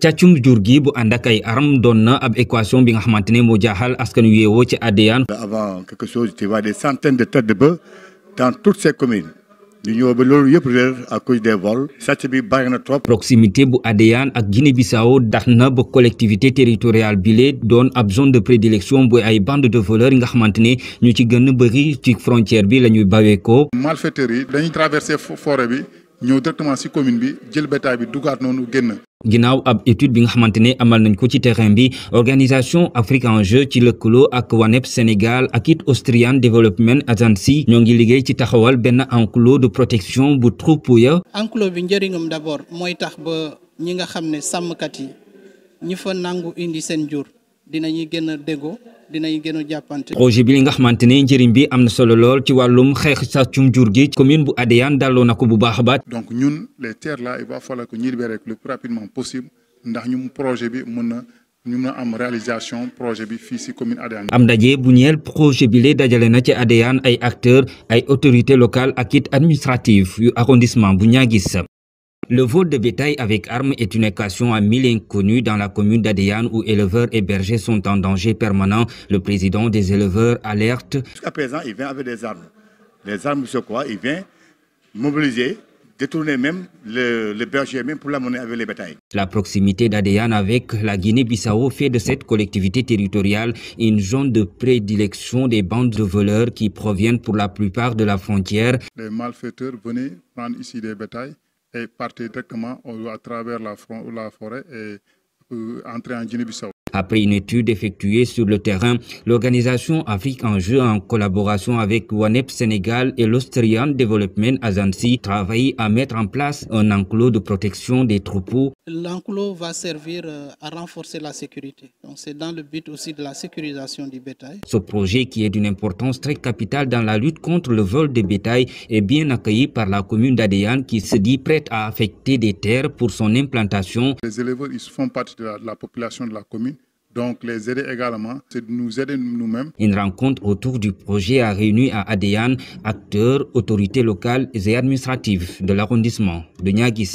càccum jur gi bu ànd ak ay armes doon ab équation bi nga xamante mo moo askan wi ci Adéane. avant quelque chose tu vois des centaines de têtes de bœufs dans toutes ces communes ñu ñëw ba lolu yépp réer à cause des vols. sàcc bi bari na trop. proximité bu Adéane ak Guinée-Bissau dax na ba collectivité territoriale bi bile don ab zone de prédilection bu ay bande de voleurs nga xamante ñu ci gën bari ci frontière bi lañuy bawé ko. malfaiteurs yi dañuy traverser forêt bi. ñëw directement ci commune bi jël bétail bi dugaat noonu génn. ginnaaw ab étude bi nga xamante ne amal nañ ko ci terrain bi organisation Afrique en jeu ci lëkkaloo ak WANEP Sénégal ak it Austrian Development Agency ñoo ngi liggéey ci taxawal benn enclos de protection bu troupeau ya. enclos bi njëriñam d'abord mooy tax ba ñi nga xam ne sàmmkat yi ñi fa nangu indi seen jur dinañuy gën a déggoo dinañ gën a jàppante. projet bi li nga xamante ne njëriñ bi am na solo lool ci wàllum xeex sàccum jur gi commune bu Adéane dalloo na ko bu baax a baax. donc ñun les terres là il va falloir que ñu libérer lu plus rapidement possible ndax ñun projet bi mën na ñu mën a am réalisation projet bi fii si commune Adéane. am ndaje bu ñeel projet bi lay dajale na ci Adéane ay acteurs ay autorités locales ak it administratives yu arrondissement bu ñaa Niaguis. Le vol de bétail avec armes est une occasion à mille inconnus dans la commune d'Adéane où éleveurs et bergers sont en danger permanent. Le président des éleveurs alerte. Jusqu'à présent, il vient avec des armes. Les armes, c'est quoi Il vient mobiliser détourner même les bergers même pour l'amener avec les bétails. La proximité d'Adéane avec la Guinée-Bissau fait de cette collectivité territoriale une zone de prédilection des bandes de voleurs qui proviennent pour la plupart de la frontière. Les malfaiteurs venaient prendre ici des bétails et partir directement à travers la, forêt et euh, entrer en Guinée-Bissau. Après une étude effectuée sur le terrain, l'organisation Afrique en jeu en collaboration avec WANEP Sénégal et l'Austrian Development Agency travaille à mettre en place un enclos de protection des troupeaux. L'enclos va servir euh, à renforcer la sécurité. Donc c'est dans le but aussi de la sécurisation du bétail. Ce projet qui est d'une importance très capitale dans la lutte contre le vol des bétails est bien accueilli par la commune d'Adéane qui se dit prête à affecter des terres pour son implantation. Les éleveurs font partie de la population de la commune donc les aider également, c'est de nous aider nous-mêmes. Une rencontre autour du projet a réuni à Adéane acteurs, autorités locales et administratives de l'arrondissement de Niagis.